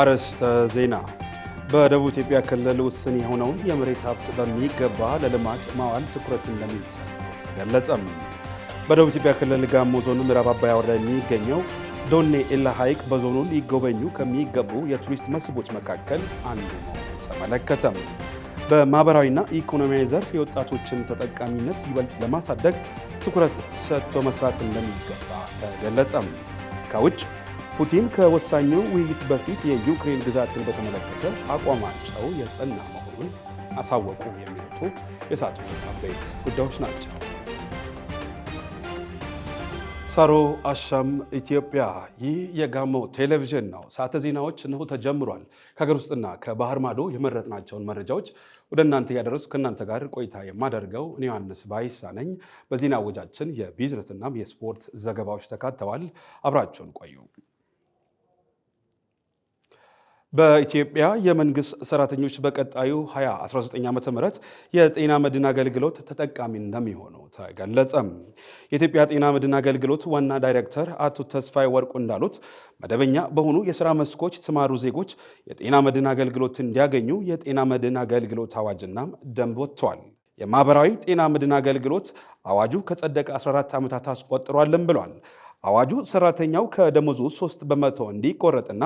አርዕስተ ዜና። በደቡብ ኢትዮጵያ ክልል ውስን የሆነውን የመሬት ሀብት በሚገባ ለልማት ማዋል ትኩረት እንደሚሰጥ ገለጸም። በደቡብ ኢትዮጵያ ክልል ጋሞ ዞን ምዕራብ አባያ ወረዳ የሚገኘው ዶኔ ኤላ ሐይቅ በዞኑ ሊጎበኙ ከሚገቡ የቱሪስት መስህቦች መካከል አንዱ ተመለከተም። በማህበራዊና ኢኮኖሚያዊ ዘርፍ የወጣቶችን ተጠቃሚነት ይበልጥ ለማሳደግ ትኩረት ሰጥቶ መስራት እንደሚገባ ተገለጸም። ከውጭ ፑቲን ከወሳኙ ውይይት በፊት የዩክሬን ግዛትን በተመለከተ አቋማቸው የጸና መሆኑን አሳወቁ። የሚወጡ የሰዓቱ አበይት ጉዳዮች ናቸው። ሳሮ አሻም ኢትዮጵያ። ይህ የጋሞ ቴሌቪዥን ነው። ሰዓተ ዜናዎች እንሆ ተጀምሯል። ከሀገር ውስጥና ከባህር ማዶ የመረጥናቸውን መረጃዎች ወደ እናንተ እያደረሱ ከእናንተ ጋር ቆይታ የማደርገው እኔ ዮሐንስ ባይሳ ነኝ። በዜና እወጃችን የቢዝነስናም የስፖርት ዘገባዎች ተካተዋል። አብራቸውን ቆዩ። በኢትዮጵያ የመንግስት ሰራተኞች በቀጣዩ 2019 ዓ ም የጤና መድን አገልግሎት ተጠቃሚ እንደሚሆኑ ተገለጸ። የኢትዮጵያ ጤና መድን አገልግሎት ዋና ዳይሬክተር አቶ ተስፋይ ወርቁ እንዳሉት መደበኛ በሆኑ የስራ መስኮች የተሰማሩ ዜጎች የጤና መድን አገልግሎት እንዲያገኙ የጤና መድን አገልግሎት አዋጅና ደንብ ወጥቷል። የማህበራዊ ጤና መድን አገልግሎት አዋጁ ከጸደቀ 14 ዓመታት አስቆጥሯልም ብሏል። አዋጁ ሰራተኛው ከደሞዙ ሶስት በመቶ እንዲቆረጥና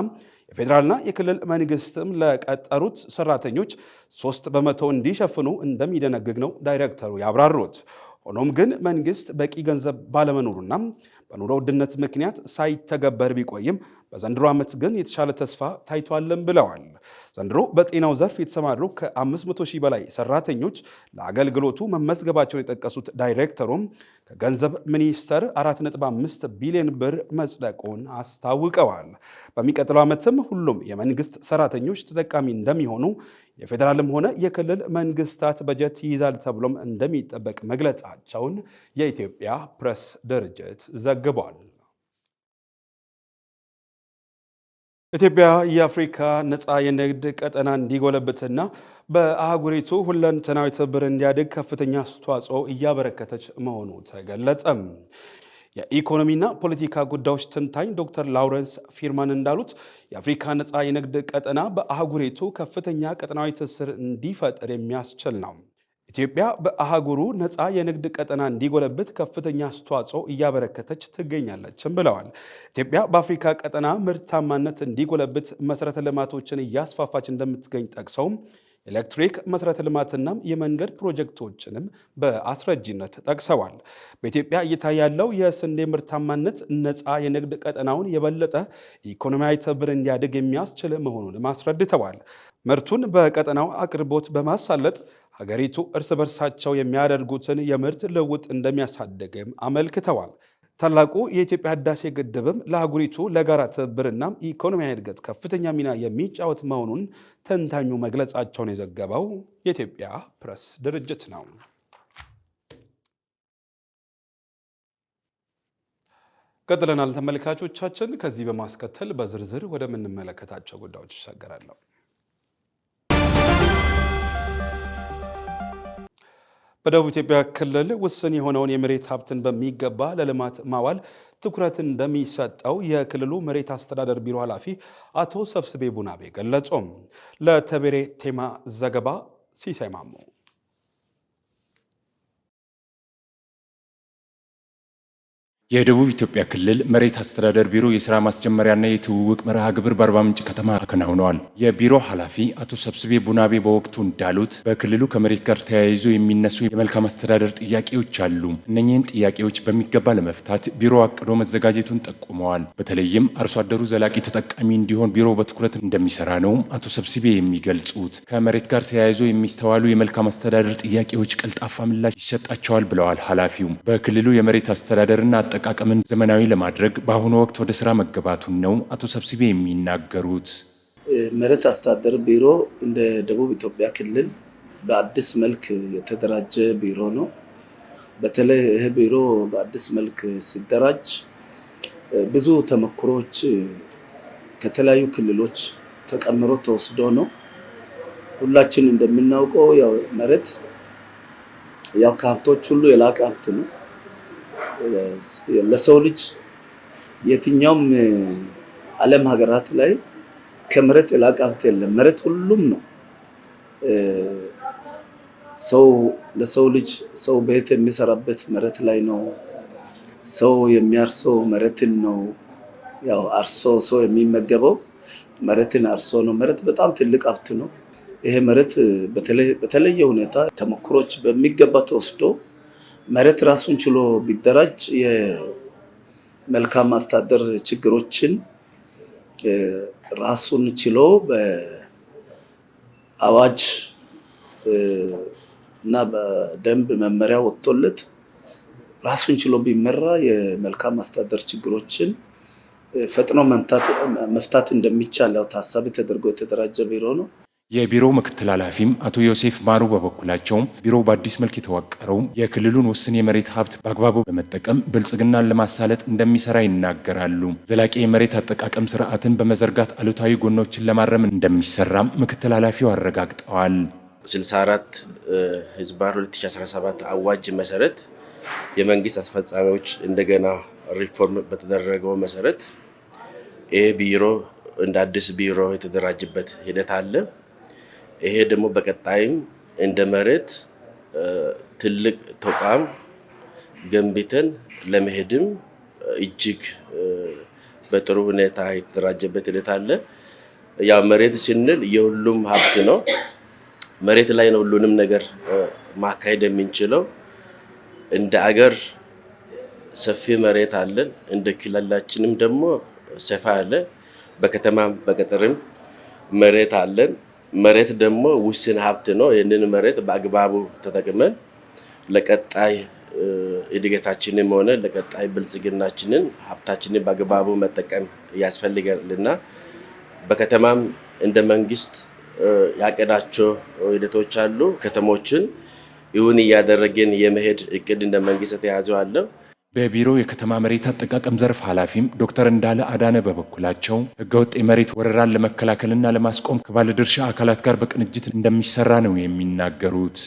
የፌዴራልና የክልል መንግስትም ለቀጠሩት ሰራተኞች ሶስት በመቶ እንዲሸፍኑ እንደሚደነግግ ነው ዳይሬክተሩ ያብራሩት። ሆኖም ግን መንግስት በቂ ገንዘብ ባለመኖሩና በኑሮ ውድነት ምክንያት ሳይተገበር ቢቆይም በዘንድሮ ዓመት ግን የተሻለ ተስፋ ታይቷለን ብለዋል። ዘንድሮ በጤናው ዘርፍ የተሰማሩ ከ500 ሺህ በላይ ሰራተኞች ለአገልግሎቱ መመዝገባቸውን የጠቀሱት ዳይሬክተሩም ከገንዘብ ሚኒስቴር 4.5 ቢሊዮን ብር መጽደቁን አስታውቀዋል። በሚቀጥለው ዓመትም ሁሉም የመንግስት ሰራተኞች ተጠቃሚ እንደሚሆኑ የፌዴራልም ሆነ የክልል መንግስታት በጀት ይይዛል ተብሎም እንደሚጠበቅ መግለጻቸውን የኢትዮጵያ ፕሬስ ድርጅት ዘግቧል። ኢትዮጵያ የአፍሪካ ነፃ የንግድ ቀጠና እንዲጎለብትና በአህጉሪቱ ሁለንተናዊ ትብብር እንዲያድግ ከፍተኛ አስተዋጽኦ እያበረከተች መሆኑ ተገለጸም። የኢኮኖሚና ፖለቲካ ጉዳዮች ተንታኝ ዶክተር ላውረንስ ፊርማን እንዳሉት የአፍሪካ ነፃ የንግድ ቀጠና በአህጉሪቱ ከፍተኛ ቀጠናዊ ትስስር እንዲፈጠር የሚያስችል ነው። ኢትዮጵያ በአህጉሩ ነፃ የንግድ ቀጠና እንዲጎለብት ከፍተኛ አስተዋጽኦ እያበረከተች ትገኛለችም ብለዋል። ኢትዮጵያ በአፍሪካ ቀጠና ምርታማነት እንዲጎለብት መሰረተ ልማቶችን እያስፋፋች እንደምትገኝ ጠቅሰውም ኤሌክትሪክ መሰረተ ልማትና የመንገድ ፕሮጀክቶችንም በአስረጅነት ጠቅሰዋል። በኢትዮጵያ እይታ ያለው የስንዴ ምርታማነት ነፃ የንግድ ቀጠናውን የበለጠ ኢኮኖሚያዊ ትብብር እንዲያድግ የሚያስችል መሆኑንም አስረድተዋል። ምርቱን በቀጠናው አቅርቦት በማሳለጥ ሀገሪቱ እርስ በርሳቸው የሚያደርጉትን የምርት ልውጥ እንደሚያሳድግም አመልክተዋል። ታላቁ የኢትዮጵያ ህዳሴ ግድብም ለአህጉሪቱ ለጋራ ትብብርና ኢኮኖሚያዊ እድገት ከፍተኛ ሚና የሚጫወት መሆኑን ተንታኙ መግለጻቸውን የዘገበው የኢትዮጵያ ፕሬስ ድርጅት ነው። ቀጥለናል ተመልካቾቻችን። ከዚህ በማስከተል በዝርዝር ወደምንመለከታቸው ጉዳዮች ይሻገራለሁ። በደቡብ ኢትዮጵያ ክልል ውስን የሆነውን የመሬት ሀብትን በሚገባ ለልማት ማዋል ትኩረት እንደሚሰጠው የክልሉ መሬት አስተዳደር ቢሮ ኃላፊ አቶ ሰብስቤ ቡናቤ ገለጹ። ለተቤሬ ቴማ ዘገባ ሲሳይ ማሞ የደቡብ ኢትዮጵያ ክልል መሬት አስተዳደር ቢሮ የስራ ማስጀመሪያና የትውውቅ መርሃ ግብር በአርባ ምንጭ ከተማ አከናውነዋል። የቢሮ ኃላፊ አቶ ሰብስቤ ቡናቤ በወቅቱ እንዳሉት በክልሉ ከመሬት ጋር ተያይዞ የሚነሱ የመልካም አስተዳደር ጥያቄዎች አሉ። እነኚህን ጥያቄዎች በሚገባ ለመፍታት ቢሮ አቅዶ መዘጋጀቱን ጠቁመዋል። በተለይም አርሶ አደሩ ዘላቂ ተጠቃሚ እንዲሆን ቢሮ በትኩረት እንደሚሰራ ነው። አቶ ሰብስቤ የሚገልጹት። ከመሬት ጋር ተያይዞ የሚስተዋሉ የመልካም አስተዳደር ጥያቄዎች ቀልጣፋ ምላሽ ይሰጣቸዋል ብለዋል ኃላፊው በክልሉ የመሬት አስተዳደርና አጠቃቀምን ዘመናዊ ለማድረግ በአሁኑ ወቅት ወደ ስራ መገባቱን ነው አቶ ሰብስቤ የሚናገሩት። መሬት አስተዳደር ቢሮ እንደ ደቡብ ኢትዮጵያ ክልል በአዲስ መልክ የተደራጀ ቢሮ ነው። በተለይ ይህ ቢሮ በአዲስ መልክ ሲደራጅ ብዙ ተመክሮች ከተለያዩ ክልሎች ተቀምሮ ተወስዶ ነው። ሁላችን እንደምናውቀው ያው መሬት ያው ከሀብቶች ሁሉ የላቀ ሀብት ነው። ለሰው ልጅ የትኛውም ዓለም ሀገራት ላይ ከምረት የላቀ ሀብት የለም። መሬት ሁሉም ነው። ሰው ለሰው ልጅ ሰው ቤት የሚሰራበት መሬት ላይ ነው። ሰው የሚያርሰው መሬትን ነው። ያው አርሶ ሰው የሚመገበው መሬትን አርሶ ነው። መሬት በጣም ትልቅ ሀብት ነው። ይሄ መሬት በተለየ ሁኔታ ተሞክሮች በሚገባ ተወስዶ መሬት ራሱን ችሎ ቢደራጅ የመልካም ማስታደር ችግሮችን ራሱን ችሎ በአዋጅ እና በደንብ መመሪያ ወጥቶለት ራሱን ችሎ ቢመራ የመልካም ማስታደር ችግሮችን ፈጥኖ መፍታት እንደሚቻል ያው ታሳቢ ተደርጎ የተደራጀ ቢሮ ነው። የቢሮው ምክትል ኃላፊም አቶ ዮሴፍ ማሩ በበኩላቸው ቢሮው በአዲስ መልክ የተዋቀረው የክልሉን ውስን የመሬት ሀብት በአግባቡ በመጠቀም ብልጽግናን ለማሳለጥ እንደሚሰራ ይናገራሉ። ዘላቂ የመሬት አጠቃቀም ስርዓትን በመዘርጋት አሉታዊ ጎኖችን ለማረም እንደሚሰራም ምክትል ኃላፊው አረጋግጠዋል። 64 ህዝባር 2017 አዋጅ መሰረት የመንግስት አስፈጻሚዎች እንደገና ሪፎርም በተደረገው መሰረት ይህ ቢሮ እንደ አዲስ ቢሮ የተደራጅበት ሂደት አለ። ይሄ ደግሞ በቀጣይም እንደ መሬት ትልቅ ተቋም ገንብተን ለመሄድም እጅግ በጥሩ ሁኔታ የተደራጀበት ሂደት አለ። ያው መሬት ስንል የሁሉም ሀብት ነው። መሬት ላይ ነው ሁሉንም ነገር ማካሄድ የምንችለው። እንደ አገር ሰፊ መሬት አለን። እንደ ክልላችንም ደግሞ ሰፋ አለ። በከተማም በገጠርም መሬት አለን። መሬት ደግሞ ውስን ሀብት ነው። ይህንን መሬት በአግባቡ ተጠቅመን ለቀጣይ እድገታችንም ሆነ ለቀጣይ ብልጽግናችንን ሀብታችንን በአግባቡ መጠቀም ያስፈልጋልና በከተማም እንደ መንግስት ያቀዳቸው ሂደቶች አሉ። ከተሞችን እውን እያደረግን የመሄድ እቅድ እንደ መንግስት የተያዘው አለ። በቢሮ የከተማ መሬት አጠቃቀም ዘርፍ ኃላፊም ዶክተር እንዳለ አዳነ በበኩላቸው ህገወጥ የመሬት ወረራን ለመከላከልና ለማስቆም ከባለድርሻ አካላት ጋር በቅንጅት እንደሚሰራ ነው የሚናገሩት።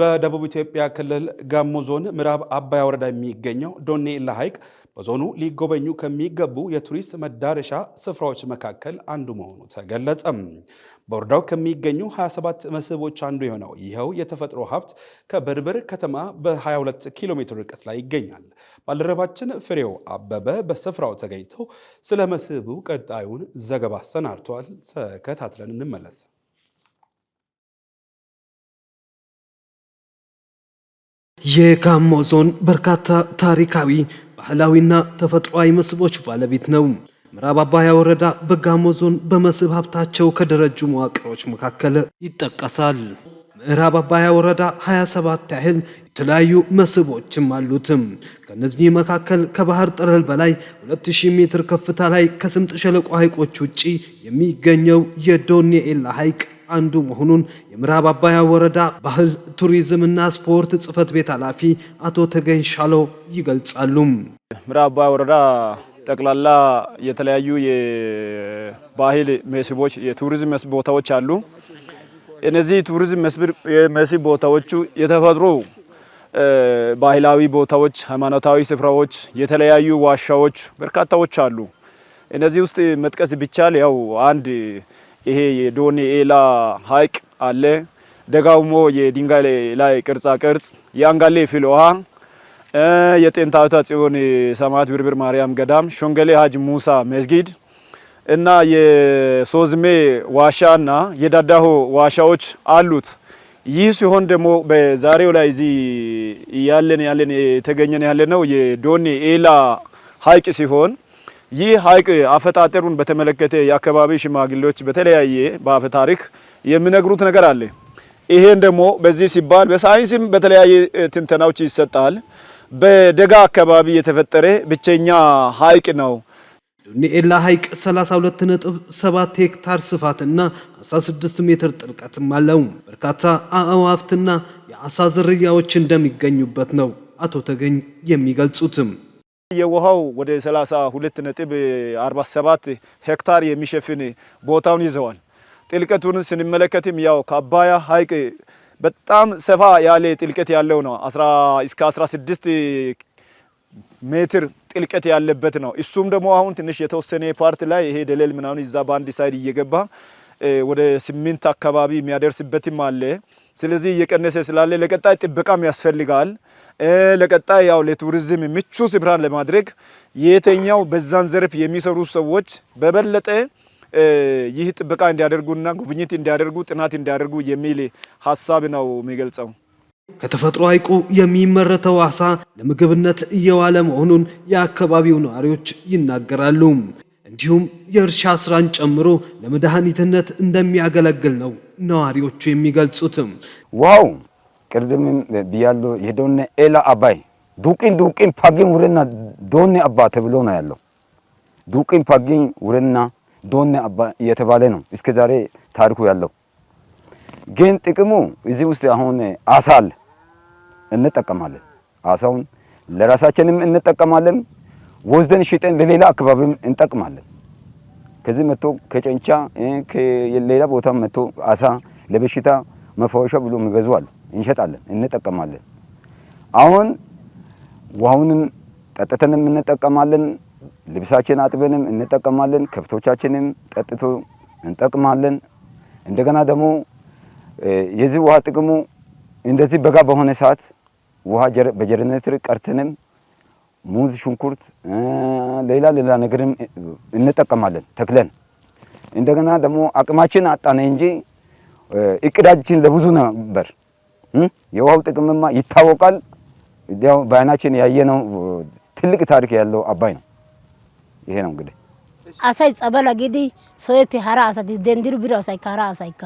በደቡብ ኢትዮጵያ ክልል ጋሞ ዞን ምዕራብ አባያ ወረዳ የሚገኘው ዶኔ ላ ሐይቅ በዞኑ ሊጎበኙ ከሚገቡ የቱሪስት መዳረሻ ስፍራዎች መካከል አንዱ መሆኑ ተገለጸም። በወረዳው ከሚገኙ 27 መስህቦች አንዱ የሆነው ይኸው የተፈጥሮ ሀብት ከበርበር ከተማ በ22 ኪሎ ሜትር ርቀት ላይ ይገኛል። ባልደረባችን ፍሬው አበበ በስፍራው ተገኝቶ ስለ መስህቡ ቀጣዩን ዘገባ አሰናድቷል። ተከታትለን እንመለስ። የጋሞ ዞን በርካታ ታሪካዊ ባህላዊና ተፈጥሯዊ መስህቦች ባለቤት ነው። ምዕራብ አባያ ወረዳ በጋሞ ዞን በመስህብ ሀብታቸው ከደረጁ መዋቅሮች መካከል ይጠቀሳል። ምዕራብ አባያ ወረዳ 27 ያህል የተለያዩ መስህቦችም አሉትም። ከነዚህ መካከል ከባህር ጠለል በላይ 2000 ሜትር ከፍታ ላይ ከስምጥ ሸለቆ ሐይቆች ውጪ የሚገኘው የዶኔ ኤላ ሐይቅ አንዱ መሆኑን የምዕራብ አባያ ወረዳ ባህል ቱሪዝምና ስፖርት ጽህፈት ቤት ኃላፊ አቶ ተገኝ ሻሎ ይገልጻሉ። ምዕራብ አባያ ወረዳ ጠቅላላ የተለያዩ የባህል መስህቦች፣ የቱሪዝም መስህብ ቦታዎች አሉ። እነዚህ ቱሪዝም መስህብ ቦታዎቹ የተፈጥሮ ባህላዊ ቦታዎች፣ ሃይማኖታዊ ስፍራዎች፣ የተለያዩ ዋሻዎች በርካታዎች አሉ። እነዚህ ውስጥ መጥቀስ ቢቻል ያው አንድ ይሄ የዶኔ ኤላ ሀይቅ አለ። ደጋውሞ የድንጋይ ላይ ቅርጻ ቅርጽ፣ የአንጋሌ ፊል ውሃ የጤንታዊቷ ጽዮን ሰማዕት ብርብር ማርያም ገዳም፣ ሾንገሌ ሀጅ ሙሳ መስጊድ እና የሶዝሜ ዋሻና የዳዳሆ ዋሻዎች አሉት። ይህ ሲሆን ደግሞ በዛሬው ላይ እዚህ ያለን ያለን የተገኘን ያለ ነው የዶኔ ኤላ ሀይቅ ሲሆን ይህ ሀይቅ አፈጣጠሩን በተመለከተ የአካባቢ ሽማግሌዎች በተለያየ በአፈ ታሪክ የሚነግሩት ነገር አለ። ይሄን ደግሞ በዚህ ሲባል በሳይንስም በተለያየ ትንተናዎች ይሰጣል። በደጋ አካባቢ የተፈጠረ ብቸኛ ሐይቅ ነው። ዶኒኤላ ሐይቅ 32.7 ሄክታር ስፋትና 16 ሜትር ጥልቀትም አለው። በርካታ አእዋፍትና የአሳ ዝርያዎች እንደሚገኙበት ነው አቶ ተገኝ የሚገልጹትም። የውሃው ወደ 32.47 ሄክታር የሚሸፍን ቦታውን ይዘዋል። ጥልቀቱን ስንመለከትም ያው ከአባያ ሐይቅ በጣም ሰፋ ያለ ጥልቀት ያለው ነው። እስከ 16 ሜትር ጥልቀት ያለበት ነው። እሱም ደግሞ አሁን ትንሽ የተወሰነ ፓርት ላይ ይሄ ደለል ምናምን ይዛ በአንድ ሳይድ እየገባ ወደ ስምንት አካባቢ የሚያደርስበትም አለ። ስለዚህ እየቀነሰ ስላለ ለቀጣይ ጥበቃም ያስፈልጋል። ለቀጣይ ያው ለቱሪዝም ምቹ ስፍራን ለማድረግ የተኛው በዛን ዘርፍ የሚሰሩ ሰዎች በበለጠ ይህ ጥበቃ እንዲያደርጉና ጉብኝት እንዲያደርጉ ጥናት እንዲያደርጉ የሚል ሀሳብ ነው የሚገልጸው። ከተፈጥሮ ሐይቁ የሚመረተው አሳ ለምግብነት እየዋለ መሆኑን የአካባቢው ነዋሪዎች ይናገራሉ። እንዲሁም የእርሻ ስራን ጨምሮ ለመድኃኒትነት እንደሚያገለግል ነው ነዋሪዎቹ የሚገልጹትም። ዋው ቅድምም ብያለሁ። የዶነ ኤላ አባይ ዱቅን ዱቅን ፓጊን ውርና ዶነ አባ ተብሎ ነው ያለው። ዱቅን ፓጊን ውርና ዶነ አባ እየተባለ ነው እስከ ዛሬ ታሪኩ ያለው። ግን ጥቅሙ እዚህ ውስጥ አሁን አሳ አለ፣ እንጠቀማለን። አሳውን ለራሳችንም እንጠቀማለን፣ ወስደን ሽጠን ለሌላ አካባቢም እንጠቅማለን። ከዚህ መጥቶ ከጨንቻ ከሌላ ቦታ መጥቶ አሳ ለበሽታ መፈወሻ ብሎ የሚገዙ አሉ። እንሸጣለን፣ እንጠቀማለን። አሁን ውሃውንም ጠጥተንም እንጠቀማለን። ልብሳችን አጥበንም እንጠቀማለን። ከብቶቻችንም ጠጥቶ እንጠቅማለን። እንደገና ደግሞ የዚህ ውሃ ጥቅሙ እንደዚህ በጋ በሆነ ሰዓት ውሃ በጀነሬተር ቀርተንም ሙዝ፣ ሽንኩርት፣ ሌላ ሌላ ነገርም እንጠቀማለን ተክለን። እንደገና ደግሞ አቅማችን አጣነ እንጂ እቅዳችን ለብዙ ነበር። የውሃው ጥቅምማ ይታወቃል። ያው በአይናችን ያየነው ትልቅ ታሪክ ያለው አባይ ነው። ይሄ ነው እንግዲህ አሳይ ጸበላ ጊዲ ሶየፒ ሀራ አሳቲ ደንዲሩ ቢራ አሳይ ካራ አሳይካ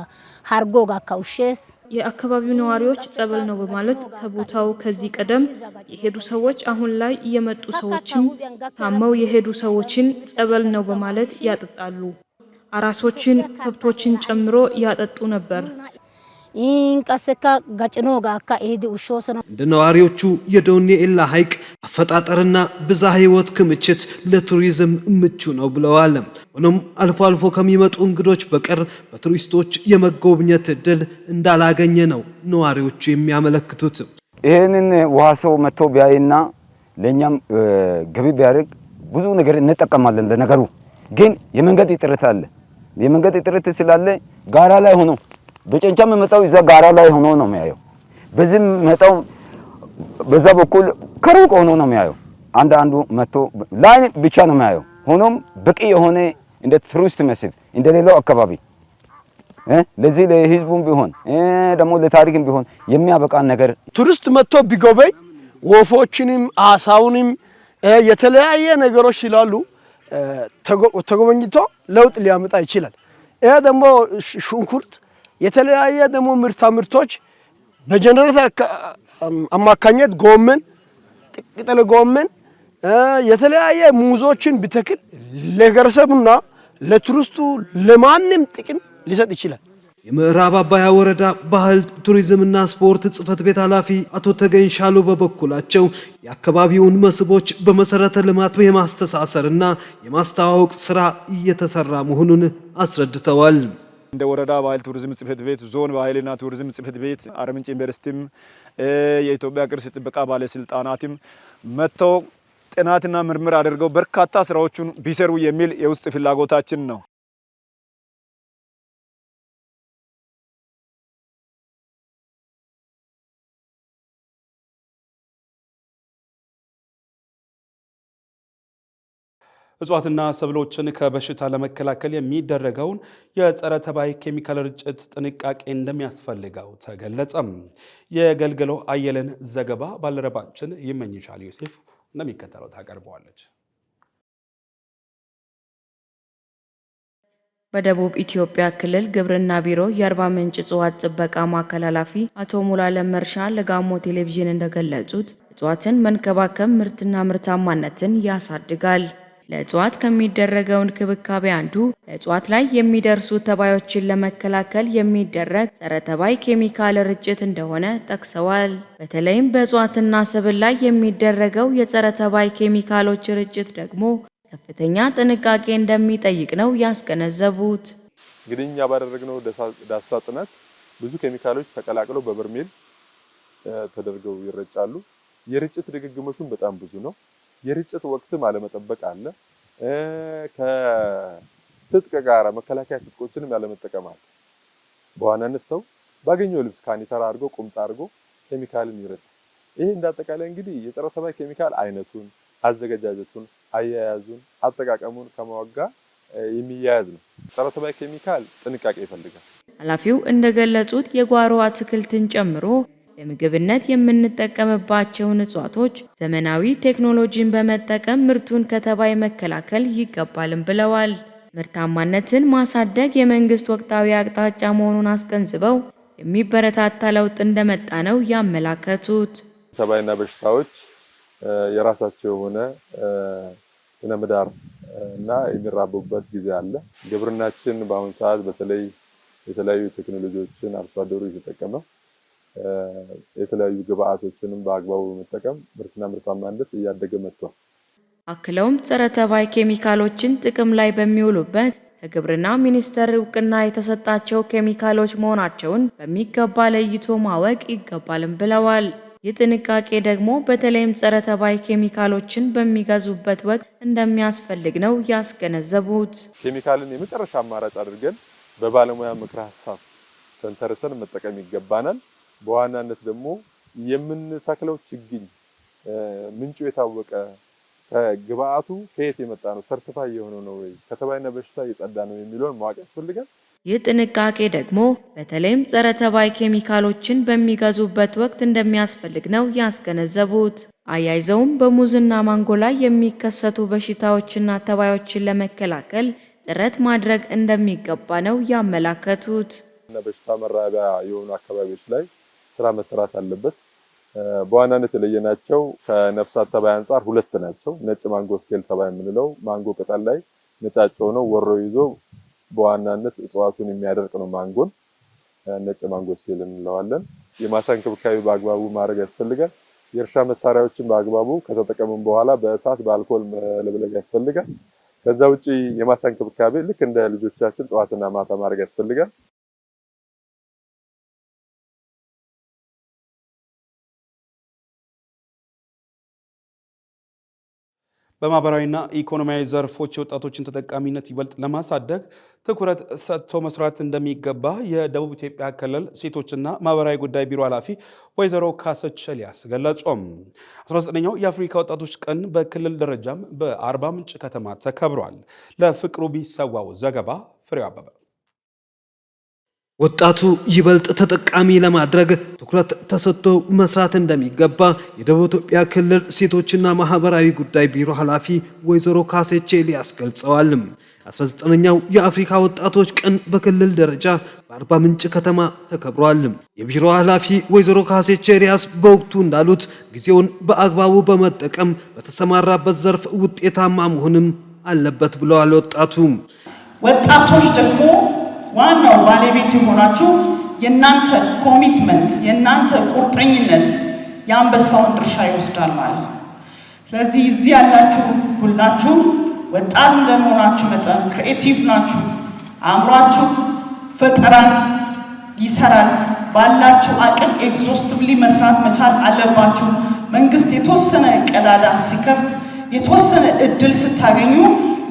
ሀርጎ ጋካ ውሸስ የአካባቢው ነዋሪዎች ጸበል ነው በማለት ከቦታው ከዚህ ቀደም የሄዱ ሰዎች አሁን ላይ የመጡ ሰዎችን ታመው የሄዱ ሰዎችን ጸበል ነው በማለት ያጠጣሉ። አራሶችን ከብቶችን ጨምሮ ያጠጡ ነበር። ቀስካ ጋ አካ ኤዲ ነው። እንደ ነዋሪዎቹ የዶኔ ኤላ ሐይቅ አፈጣጠርና ብዛ ህይወት ክምችት ለቱሪዝም ምቹ ነው ብለዋል። ሆኖም አልፎ አልፎ ከሚመጡ እንግዶች በቀር በቱሪስቶች የመጎብኘት እድል እንዳላገኘ ነው ነዋሪዎቹ የሚያመለክቱት። ይህንን ውሃ ሰው መጥቶ ቢያይና ለእኛም ገቢ ቢያደርግ ብዙ ነገር እንጠቀማለን። ለነገሩ ግን የመንገድ እጥረት አለ። የመንገድ እጥረት ስላለ ጋራ ላይ ሆነው በጨንቻ የመጣው እዛ ጋራ ላይ ሆኖ ነው የሚያየው። በዚህ መጣው በዛ በኩል ከሩቅ ሆኖ ነው የሚያየው። አንድ አንዱ መጥቶ ላይ ብቻ ነው የሚያየው። ሆኖም በቂ የሆነ እንደ ቱሪስት መስህብ እንደሌላው አካባቢ ለዚህ ለህዝቡም ቢሆን ደግሞ ለታሪክም ቢሆን የሚያበቃን ነገር ቱሪስት መጥቶ ቢጎበኝ ወፎችንም አሳውንም የተለያየ ነገሮች ስላሉ ተጎበኝቶ ለውጥ ሊያመጣ ይችላል። ይሄ ደግሞ ሽንኩርት የተለያየ ደግሞ ምርታ ምርቶች በጀነሬተር አማካኝነት ጎመን፣ ጥቅጥል ጎመን፣ የተለያየ ሙዞችን ብተክል ለገረሰቡና ለቱሪስቱ ለማንም ጥቅም ሊሰጥ ይችላል። የምዕራብ አባያ ወረዳ ባህል ቱሪዝምና ስፖርት ጽህፈት ቤት ኃላፊ አቶ ተገኝ ሻሉ በበኩላቸው የአካባቢውን መስህቦች በመሰረተ ልማት የማስተሳሰርና የማስተዋወቅ ስራ እየተሰራ መሆኑን አስረድተዋል። እንደ ወረዳ ባህል ቱሪዝም ጽሕፈት ቤት፣ ዞን ባህልና ቱሪዝም ጽሕፈት ቤት፣ አርምንጭ ዩኒቨርሲቲም የኢትዮጵያ ቅርስ ጥበቃ ባለስልጣናትም መጥተው ጥናትና ምርምር አድርገው በርካታ ስራዎቹን ቢሰሩ የሚል የውስጥ ፍላጎታችን ነው። እጽዋትና ሰብሎችን ከበሽታ ለመከላከል የሚደረገውን የጸረ ተባይ ኬሚካል ርጭት ጥንቃቄ እንደሚያስፈልገው ተገለጸም። የገልገሎ አየለን ዘገባ ባልደረባችን ይመኝሻል ዮሴፍ እንደሚከተለው ታቀርበዋለች። በደቡብ ኢትዮጵያ ክልል ግብርና ቢሮ የአርባ ምንጭ እጽዋት ጥበቃ ማዕከል ኃላፊ አቶ ሙላለም መርሻ ለጋሞ ቴሌቪዥን እንደገለጹት እጽዋትን መንከባከብ ምርትና ምርታማነትን ያሳድጋል ለእጽዋት ከሚደረገው እንክብካቤ አንዱ በእጽዋት ላይ የሚደርሱ ተባዮችን ለመከላከል የሚደረግ ጸረ ተባይ ኬሚካል ርጭት እንደሆነ ጠቅሰዋል። በተለይም በእጽዋትና ሰብል ላይ የሚደረገው የጸረ ተባይ ኬሚካሎች ርጭት ደግሞ ከፍተኛ ጥንቃቄ እንደሚጠይቅ ነው ያስገነዘቡት። እንግዲህ እኛ ባደረግነው ዳሳ ጥናት ብዙ ኬሚካሎች ተቀላቅለው በበርሜል ተደርገው ይረጫሉ። የርጭት ድግግሞሹም በጣም ብዙ ነው። የርጭት ወቅትም አለመጠበቅ አለ። ከትጥቅ ጋር መከላከያ ትጥቆችንም ያለመጠቀም አለ። በዋናነት ሰው ባገኘው ልብስ ካኒተራ አድርጎ ቁምጣ አድርጎ ኬሚካልን ይረጫል። ይሄ እንዳጠቃላይ እንግዲህ የጸረ ተባይ ኬሚካል አይነቱን፣ አዘገጃጀቱን፣ አያያዙን፣ አጠቃቀሙን ከማወጋ የሚያያዝ ነው። ጸረ ተባይ ኬሚካል ጥንቃቄ ይፈልጋል። ኃላፊው እንደገለጹት የጓሮ አትክልትን ጨምሮ ለምግብነት የምንጠቀምባቸውን እጽዋቶች ዘመናዊ ቴክኖሎጂን በመጠቀም ምርቱን ከተባይ መከላከል ይገባልም ብለዋል። ምርታማነትን ማሳደግ የመንግስት ወቅታዊ አቅጣጫ መሆኑን አስገንዝበው የሚበረታታ ለውጥ እንደመጣ ነው ያመላከቱት። ተባይና በሽታዎች የራሳቸው የሆነ ስነ ምህዳር እና የሚራቡበት ጊዜ አለ። ግብርናችን በአሁኑ ሰዓት በተለይ የተለያዩ ቴክኖሎጂዎችን አርሶ አደሩ እየተጠቀመ የተለያዩ ግብአቶችንም በአግባቡ በመጠቀም ምርትና ምርታማነት እያደገ መጥቷል። አክለውም ጸረ ተባይ ኬሚካሎችን ጥቅም ላይ በሚውሉበት ከግብርና ሚኒስቴር እውቅና የተሰጣቸው ኬሚካሎች መሆናቸውን በሚገባ ለይቶ ማወቅ ይገባልም ብለዋል። ይህ ጥንቃቄ ደግሞ በተለይም ጸረ ተባይ ኬሚካሎችን በሚገዙበት ወቅት እንደሚያስፈልግ ነው ያስገነዘቡት። ኬሚካልን የመጨረሻ አማራጭ አድርገን በባለሙያ ምክረ ሀሳብ ተንተርሰን መጠቀም ይገባናል። በዋናነት ደግሞ የምንተክለው ችግኝ ምንጩ የታወቀ ግብአቱ ከየት የመጣ ነው፣ ሰርቲፋይ የሆነ ነው ወይ፣ ከተባይና በሽታ የጸዳ ነው የሚለውን ማወቅ ያስፈልጋል። ይህ ጥንቃቄ ደግሞ በተለይም ጸረ ተባይ ኬሚካሎችን በሚገዙበት ወቅት እንደሚያስፈልግ ነው ያስገነዘቡት። አያይዘውም በሙዝና ማንጎ ላይ የሚከሰቱ በሽታዎችና ተባዮችን ለመከላከል ጥረት ማድረግ እንደሚገባ ነው ያመላከቱት። በሽታ መራቢያ የሆኑ አካባቢዎች ላይ ስራ መሰራት አለበት። በዋናነት የለየናቸው ከነፍሳት ተባይ አንጻር ሁለት ናቸው። ነጭ ማንጎ ስኬል ተባይ የምንለው ማንጎ ቅጠል ላይ ነጫጭ ሆነው ወሮ ይዞ በዋናነት እጽዋቱን የሚያደርቅ ነው። ማንጎን ነጭ ማንጎ ስኬል እንለዋለን። የማሳ እንክብካቤ በአግባቡ ማድረግ ያስፈልጋል። የእርሻ መሳሪያዎችን በአግባቡ ከተጠቀምን በኋላ በእሳት በአልኮል መለብለብ ያስፈልጋል። ከዛ ውጭ የማሳ እንክብካቤ ልክ እንደ ልጆቻችን ጠዋትና ማታ ማድረግ ያስፈልጋል። በማህበራዊና ኢኮኖሚያዊ ዘርፎች የወጣቶችን ተጠቃሚነት ይበልጥ ለማሳደግ ትኩረት ሰጥቶ መስራት እንደሚገባ የደቡብ ኢትዮጵያ ክልል ሴቶችና ማህበራዊ ጉዳይ ቢሮ ኃላፊ ወይዘሮ ካሰች ኤልያስ ገለጹም። 19ኛው የአፍሪካ ወጣቶች ቀን በክልል ደረጃም በአርባ ምንጭ ከተማ ተከብሯል። ለፍቅሩ ቢሰዋው ዘገባ ፍሬው አበበ ወጣቱ ይበልጥ ተጠቃሚ ለማድረግ ትኩረት ተሰጥቶ መስራት እንደሚገባ የደቡብ ኢትዮጵያ ክልል ሴቶችና ማህበራዊ ጉዳይ ቢሮ ኃላፊ ወይዘሮ ካሴቼ ሊያስ ገልጸዋል። 19ኛው የአፍሪካ ወጣቶች ቀን በክልል ደረጃ በአርባ ምንጭ ከተማ ተከብሯል። የቢሮ ኃላፊ ወይዘሮ ካሴቼ ኤልያስ በወቅቱ እንዳሉት ጊዜውን በአግባቡ በመጠቀም በተሰማራበት ዘርፍ ውጤታማ መሆንም አለበት ብለዋል። ወጣቱ ወጣቶች ደግሞ ዋናው ባለቤት የሆናችሁ የእናንተ ኮሚትመንት የእናንተ ቁርጠኝነት የአንበሳውን ድርሻ ይወስዳል ማለት ነው። ስለዚህ እዚህ ያላችሁ ሁላችሁ ወጣት እንደመሆናችሁ መጠን ክሬቲቭ ናችሁ። አእምሯችሁ ፈጠራን ይሰራል። ባላችሁ አቅም ኤግዞስቲቭሊ መስራት መቻል አለባችሁ። መንግስት የተወሰነ ቀዳዳ ሲከፍት የተወሰነ እድል ስታገኙ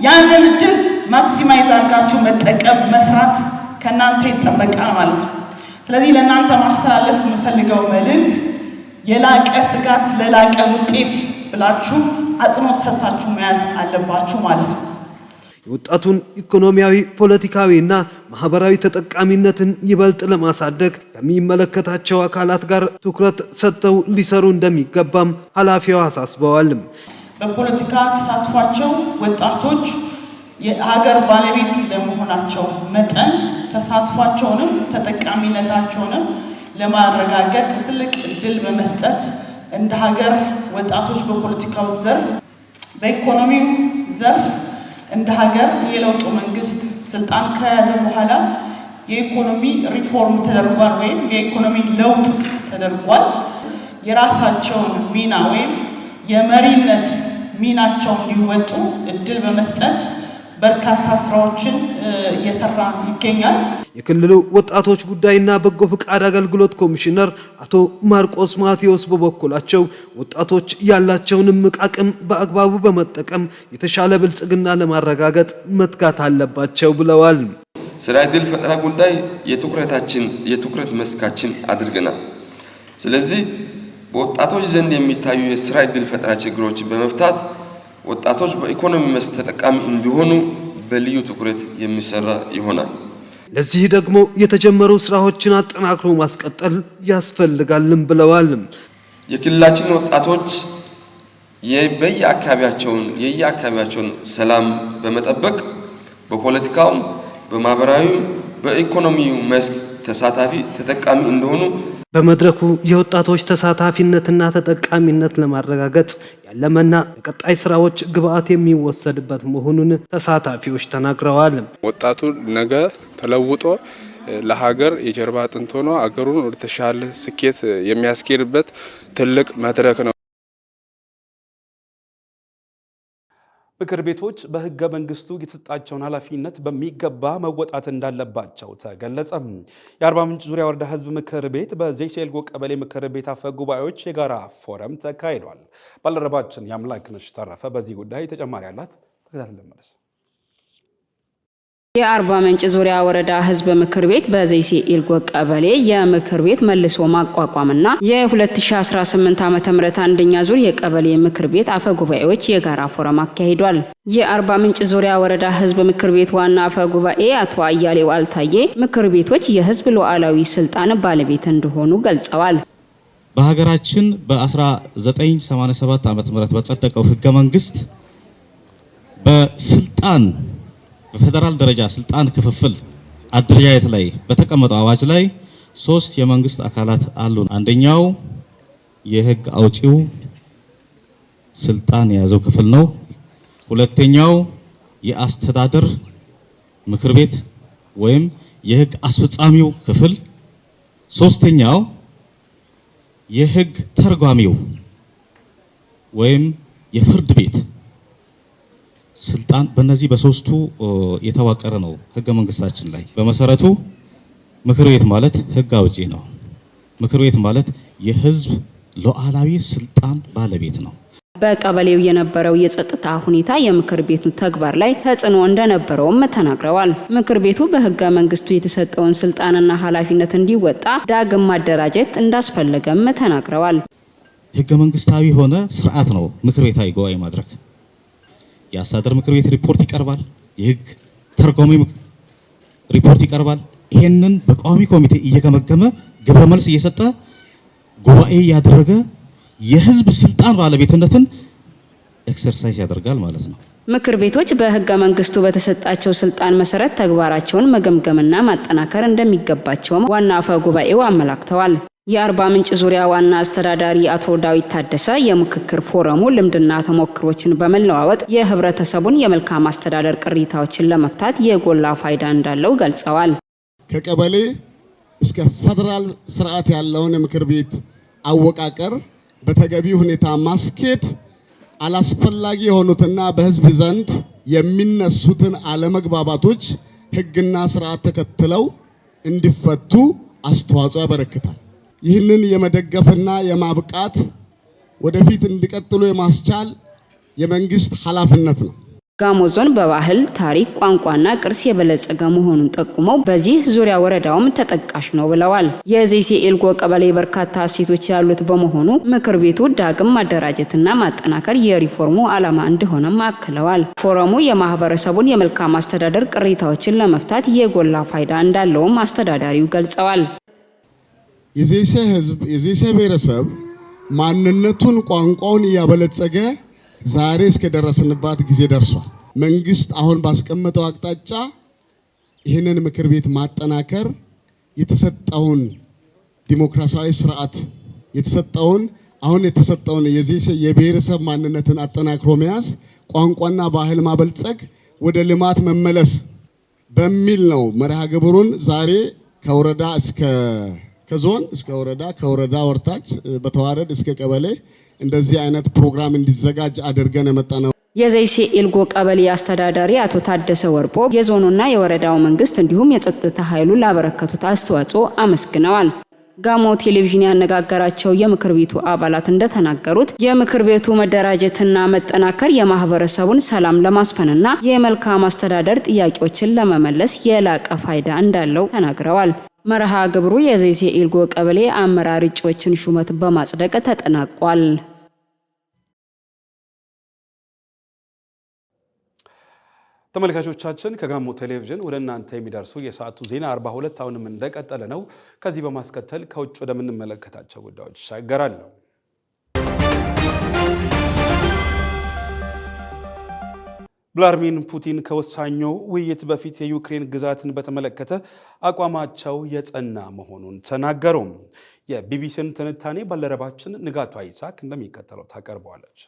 ያንን እድል ማክሲማይዝ አድርጋችሁ መጠቀም መስራት ከእናንተ ይጠበቃል ማለት ነው። ስለዚህ ለእናንተ ማስተላለፍ የምፈልገው መልእክት የላቀ ትጋት ለላቀ ውጤት ብላችሁ አጽንኦት ሰጥታችሁ መያዝ አለባችሁ ማለት ነው። የወጣቱን ኢኮኖሚያዊ፣ ፖለቲካዊ እና ማህበራዊ ተጠቃሚነትን ይበልጥ ለማሳደግ ከሚመለከታቸው አካላት ጋር ትኩረት ሰጥተው ሊሰሩ እንደሚገባም ኃላፊው አሳስበዋል። በፖለቲካ ተሳትፏቸው ወጣቶች የሀገር ባለቤት እንደመሆናቸው መጠን ተሳትፏቸውንም ተጠቃሚነታቸውንም ለማረጋገጥ ትልቅ እድል በመስጠት እንደ ሀገር ወጣቶች በፖለቲካው ዘርፍ በኢኮኖሚው ዘርፍ እንደ ሀገር የለውጡ መንግስት ስልጣን ከያዘ በኋላ የኢኮኖሚ ሪፎርም ተደርጓል ወይም የኢኮኖሚ ለውጥ ተደርጓል። የራሳቸውን ሚና ወይም የመሪነት ሚናቸውን ሊወጡ እድል በመስጠት በርካታ ስራዎችን እየሰራ ይገኛል። የክልሉ ወጣቶች ጉዳይና በጎ ፍቃድ አገልግሎት ኮሚሽነር አቶ ማርቆስ ማቴዎስ በበኩላቸው ወጣቶች ያላቸውን እምቅ አቅም በአግባቡ በመጠቀም የተሻለ ብልጽግና ለማረጋገጥ መትጋት አለባቸው ብለዋል። ስራ ዕድል ፈጠራ ጉዳይ የትኩረታችን የትኩረት መስካችን አድርገናል። ስለዚህ በወጣቶች ዘንድ የሚታዩ የስራ እድል ፈጠራ ችግሮችን በመፍታት ወጣቶች በኢኮኖሚ መስክ ተጠቃሚ እንዲሆኑ በልዩ ትኩረት የሚሰራ ይሆናል። ለዚህ ደግሞ የተጀመሩ ስራዎችን አጠናክሮ ማስቀጠል ያስፈልጋልም ብለዋል። የክልላችን ወጣቶች በየአካባቢያቸውን የየአካባቢያቸውን ሰላም በመጠበቅ በፖለቲካውም፣ በማህበራዊም፣ በኢኮኖሚው መስክ ተሳታፊ ተጠቃሚ እንደሆኑ በመድረኩ የወጣቶች ተሳታፊነትና ተጠቃሚነት ለማረጋገጥ ያለመና በቀጣይ ስራዎች ግብአት የሚወሰድበት መሆኑን ተሳታፊዎች ተናግረዋል። ወጣቱ ነገ ተለውጦ ለሀገር የጀርባ አጥንት ሆኖ አገሩን ወደተሻለ ስኬት የሚያስኬድበት ትልቅ መድረክ ነው። ምክር ቤቶች በህገ መንግስቱ የተሰጣቸውን ኃላፊነት በሚገባ መወጣት እንዳለባቸው ተገለጸም። የአርባ ምንጭ ዙሪያ ወረዳ ህዝብ ምክር ቤት በዘይሴልጎ ቀበሌ ምክር ቤት አፈ ጉባኤዎች የጋራ ፎረም ተካሂዷል። ባልደረባችን የአምላክነሽ ተረፈ በዚህ ጉዳይ ተጨማሪ አላት። ተከታተል መለስ የአርባ ምንጭ ዙሪያ ወረዳ ህዝብ ምክር ቤት በዘይሴ ኢልጎ ቀበሌ የምክር ቤት መልሶ ማቋቋምና የ2018 ዓ ም አንደኛ ዙር የቀበሌ ምክር ቤት አፈ ጉባኤዎች የጋራ ፎረም አካሂዷል። የአርባ ምንጭ ዙሪያ ወረዳ ህዝብ ምክር ቤት ዋና አፈ ጉባኤ አቶ አያሌው አልታዬ ምክር ቤቶች የህዝብ ሉዓላዊ ስልጣን ባለቤት እንደሆኑ ገልጸዋል። በሀገራችን በ1987 ዓ ም በጸደቀው ህገ መንግስት በስልጣን በፌዴራል ደረጃ ስልጣን ክፍፍል አደረጃጀት ላይ በተቀመጠው አዋጅ ላይ ሶስት የመንግስት አካላት አሉ። አንደኛው የህግ አውጪው ስልጣን የያዘው ክፍል ነው። ሁለተኛው የአስተዳደር ምክር ቤት ወይም የህግ አስፈጻሚው ክፍል፣ ሶስተኛው የህግ ተርጓሚው ወይም የፍርድ ቤት ስልጣን በእነዚህ በሶስቱ የተዋቀረ ነው ህገ መንግስታችን ላይ። በመሰረቱ ምክር ቤት ማለት ህግ አውጪ ነው። ምክር ቤት ማለት የህዝብ ሉዓላዊ ስልጣን ባለቤት ነው። በቀበሌው የነበረው የጸጥታ ሁኔታ የምክር ቤቱ ተግባር ላይ ተጽዕኖ እንደነበረውም ተናግረዋል። ምክር ቤቱ በህገ መንግስቱ የተሰጠውን ስልጣንና ኃላፊነት እንዲወጣ ዳግም ማደራጀት እንዳስፈለገም ተናግረዋል። ህገ መንግስታዊ የሆነ ስርዓት ነው ምክር ቤታዊ ጉባኤ ማድረግ የአስተዳደር ምክር ቤት ሪፖርት ይቀርባል። የህግ ተርጓሚ ሪፖርት ይቀርባል። ይሄንን በቋሚ ኮሚቴ እየገመገመ ግብረ መልስ እየሰጠ ጉባኤ ያደረገ የህዝብ ስልጣን ባለቤትነትን ኤክሰርሳይዝ ያደርጋል ማለት ነው። ምክር ቤቶች በህገ መንግስቱ በተሰጣቸው ስልጣን መሰረት ተግባራቸውን መገምገምና ማጠናከር እንደሚገባቸውም ዋና አፈ ጉባኤው አመላክተዋል። የአርባ ምንጭ ዙሪያ ዋና አስተዳዳሪ አቶ ዳዊት ታደሰ የምክክር ፎረሙ ልምድና ተሞክሮችን በመለዋወጥ የህብረተሰቡን የመልካም አስተዳደር ቅሬታዎችን ለመፍታት የጎላ ፋይዳ እንዳለው ገልጸዋል። ከቀበሌ እስከ ፌዴራል ስርዓት ያለውን የምክር ቤት አወቃቀር በተገቢ ሁኔታ ማስኬድ፣ አላስፈላጊ የሆኑትና በህዝብ ዘንድ የሚነሱትን አለመግባባቶች ህግና ስርዓት ተከትለው እንዲፈቱ አስተዋጽኦ ያበረክታል። ይህንን የመደገፍና የማብቃት ወደፊት እንዲቀጥሉ የማስቻል የመንግስት ኃላፊነት ነው። ጋሞ ዞን በባህል ታሪክ፣ ቋንቋና ቅርስ የበለጸገ መሆኑን ጠቁመው በዚህ ዙሪያ ወረዳውም ተጠቃሽ ነው ብለዋል። የዘይሴ ኤልጎ ቀበሌ በርካታ ሴቶች ያሉት በመሆኑ ምክር ቤቱ ዳግም ማደራጀትና ማጠናከር የሪፎርሙ ዓላማ እንደሆነም አክለዋል። ፎረሙ የማህበረሰቡን የመልካም አስተዳደር ቅሬታዎችን ለመፍታት የጎላ ፋይዳ እንዳለውም አስተዳዳሪው ገልጸዋል። የዜሴ ህዝብ የዜሴ ብሔረሰብ ማንነቱን ቋንቋውን እያበለጸገ ዛሬ እስከደረስንባት ጊዜ ደርሷል። መንግስት አሁን ባስቀመጠው አቅጣጫ ይህንን ምክር ቤት ማጠናከር የተሰጠውን ዲሞክራሲያዊ ስርዓት የተሰጠውን አሁን የተሰጠውን የዜሴ የብሔረሰብ ማንነትን አጠናክሮ መያዝ፣ ቋንቋና ባህል ማበልጸግ፣ ወደ ልማት መመለስ በሚል ነው መርሃ ግብሩን ዛሬ ከወረዳ እስከ ከዞን እስከ ወረዳ ከወረዳ ወርታች በተዋረድ እስከ ቀበሌ እንደዚህ አይነት ፕሮግራም እንዲዘጋጅ አድርገን የመጣ ነው። የዘይሴ ኤልጎ ቀበሌ አስተዳዳሪ አቶ ታደሰ ወርቆ የዞኑና የወረዳው መንግስት እንዲሁም የጸጥታ ኃይሉ ላበረከቱት አስተዋጽኦ አመስግነዋል። ጋሞ ቴሌቪዥን ያነጋገራቸው የምክር ቤቱ አባላት እንደተናገሩት የምክር ቤቱ መደራጀትና መጠናከር የማህበረሰቡን ሰላም ለማስፈንና የመልካም አስተዳደር ጥያቄዎችን ለመመለስ የላቀ ፋይዳ እንዳለው ተናግረዋል። መርሃ ግብሩ የዘይሴ ኢልጎ ቀበሌ አመራር እጩዎችን ሹመት በማጽደቅ ተጠናቋል። ተመልካቾቻችን ከጋሞ ቴሌቪዥን ወደ እናንተ የሚደርሱ የሰዓቱ ዜና 42 አሁንም እንደቀጠለ ነው። ከዚህ በማስከተል ከውጭ ወደምንመለከታቸው ጉዳዮች ይሻገራል ነው ቭላድሚር ፑቲን ከወሳኙ ውይይት በፊት የዩክሬን ግዛትን በተመለከተ አቋማቸው የጸና መሆኑን ተናገሩ። የቢቢሲን ትንታኔ ባልደረባችን ንጋቷ ይሳክ እንደሚከተለው ታቀርበዋለች።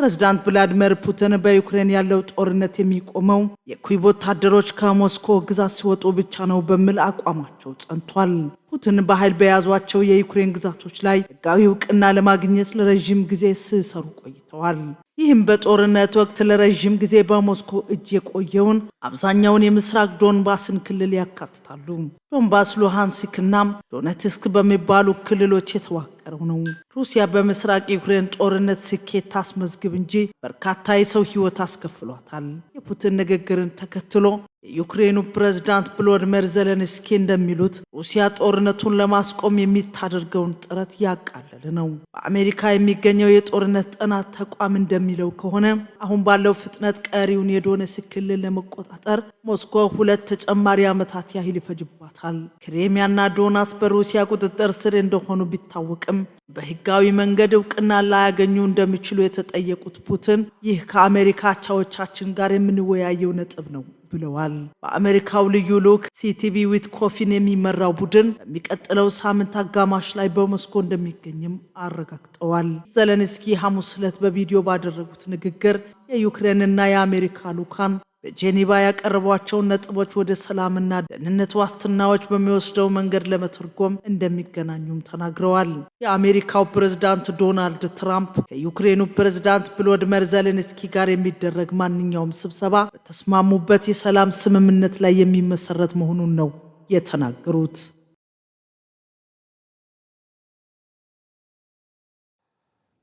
ፕሬዝዳንት ቭላዲሚር ፑቲን በዩክሬን ያለው ጦርነት የሚቆመው የኪየቭ ወታደሮች ከሞስኮ ግዛት ሲወጡ ብቻ ነው በሚል አቋማቸው ጸንቷል። ፑቲን በኃይል በያዟቸው የዩክሬን ግዛቶች ላይ ሕጋዊ እውቅና ለማግኘት ለረዥም ጊዜ ሲሰሩ ቆይተዋል። ይህም በጦርነት ወቅት ለረዥም ጊዜ በሞስኮ እጅ የቆየውን አብዛኛውን የምስራቅ ዶንባስን ክልል ያካትታሉ። ዶንባስ ሉሃንስክና ዶኔትስክ በሚባሉ ክልሎች የተዋቀ እየተመከረው ነው። ሩሲያ በምስራቅ ዩክሬን ጦርነት ስኬት ታስመዝግብ እንጂ በርካታ የሰው ሕይወት አስከፍሏታል። የፑቲን ንግግርን ተከትሎ የዩክሬኑ ፕሬዝዳንት ቮሎዲሚር ዘለንስኪ እንደሚሉት ሩሲያ ጦርነቱን ለማስቆም የሚታደርገውን ጥረት ያቃለለ ነው። በአሜሪካ የሚገኘው የጦርነት ጥናት ተቋም እንደሚለው ከሆነ አሁን ባለው ፍጥነት ቀሪውን የዶኔስክ ክልል ለመቆጣጠር ሞስኮ ሁለት ተጨማሪ ዓመታት ያህል ይፈጅባታል። ክሬሚያና ዶናስ በሩሲያ ቁጥጥር ስር እንደሆኑ ቢታወቅም በህጋዊ መንገድ እውቅና ላያገኙ እንደሚችሉ የተጠየቁት ፑቲን ይህ ከአሜሪካ አቻዎቻችን ጋር የምንወያየው ነጥብ ነው ብለዋል። በአሜሪካው ልዩ ልዑክ ሲቲቪ ዊትኮፍን የሚመራው ቡድን በሚቀጥለው ሳምንት አጋማሽ ላይ በሞስኮ እንደሚገኝም አረጋግጠዋል። ዘለንስኪ ሐሙስ ዕለት በቪዲዮ ባደረጉት ንግግር የዩክሬንና የአሜሪካ ልዑካን በጄኔቫ ያቀረቧቸውን ነጥቦች ወደ ሰላምና ደህንነት ዋስትናዎች በሚወስደው መንገድ ለመተርጎም እንደሚገናኙም ተናግረዋል። የአሜሪካው ፕሬዝዳንት ዶናልድ ትራምፕ ከዩክሬኑ ፕሬዝዳንት ቮሎዲሚር ዘሌንስኪ ጋር የሚደረግ ማንኛውም ስብሰባ በተስማሙበት የሰላም ስምምነት ላይ የሚመሰረት መሆኑን ነው የተናገሩት።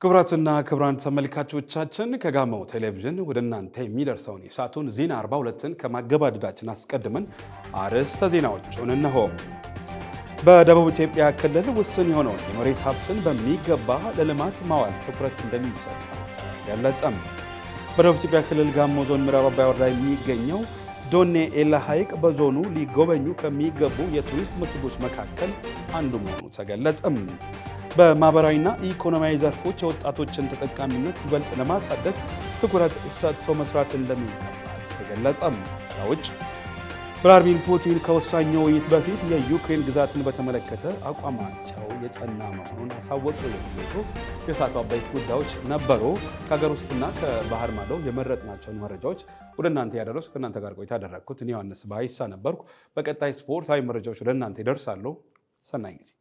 ክቡራትና ክቡራን ተመልካቾቻችን ከጋሞ ቴሌቪዥን ወደ እናንተ የሚደርሰውን የሰዓቱን ዜና 42ን ከማገባደዳችን አስቀድመን አርዕስተ ዜናዎቹን እነሆ። በደቡብ ኢትዮጵያ ክልል ውስን የሆነውን የመሬት ሀብትን በሚገባ ለልማት ማዋል ትኩረት እንደሚሰጥ ገለጸም። በደቡብ ኢትዮጵያ ክልል ጋሞ ዞን ምዕራብ አባይ ወረዳ የሚገኘው ዶኔ ኤላ ሐይቅ በዞኑ ሊጎበኙ ከሚገቡ የቱሪስት መስህቦች መካከል አንዱ መሆኑ ተገለጸም። በማህበራዊና ኢኮኖሚያዊ ዘርፎች የወጣቶችን ተጠቃሚነት ይበልጥ ለማሳደግ ትኩረት ሰጥቶ መስራት እንደሚገባ ተገለጸም። ከውጭ ቭላድሚር ፑቲን ከወሳኝ ውይይት በፊት የዩክሬን ግዛትን በተመለከተ አቋማቸው የጸና መሆኑን አሳወቁ። የሚሉ የሳቱ አበይት ጉዳዮች ነበሩ። ከሀገር ውስጥና ከባህር ማዶ የመረጥናቸውን መረጃዎች ወደ እናንተ ያደረሱ ከእናንተ ጋር ቆይታ ያደረግኩት እኔ ዮሐንስ ባይሳ ነበርኩ። በቀጣይ ስፖርታዊ መረጃዎች ወደ እናንተ ይደርሳሉ። ሰናይ ጊዜ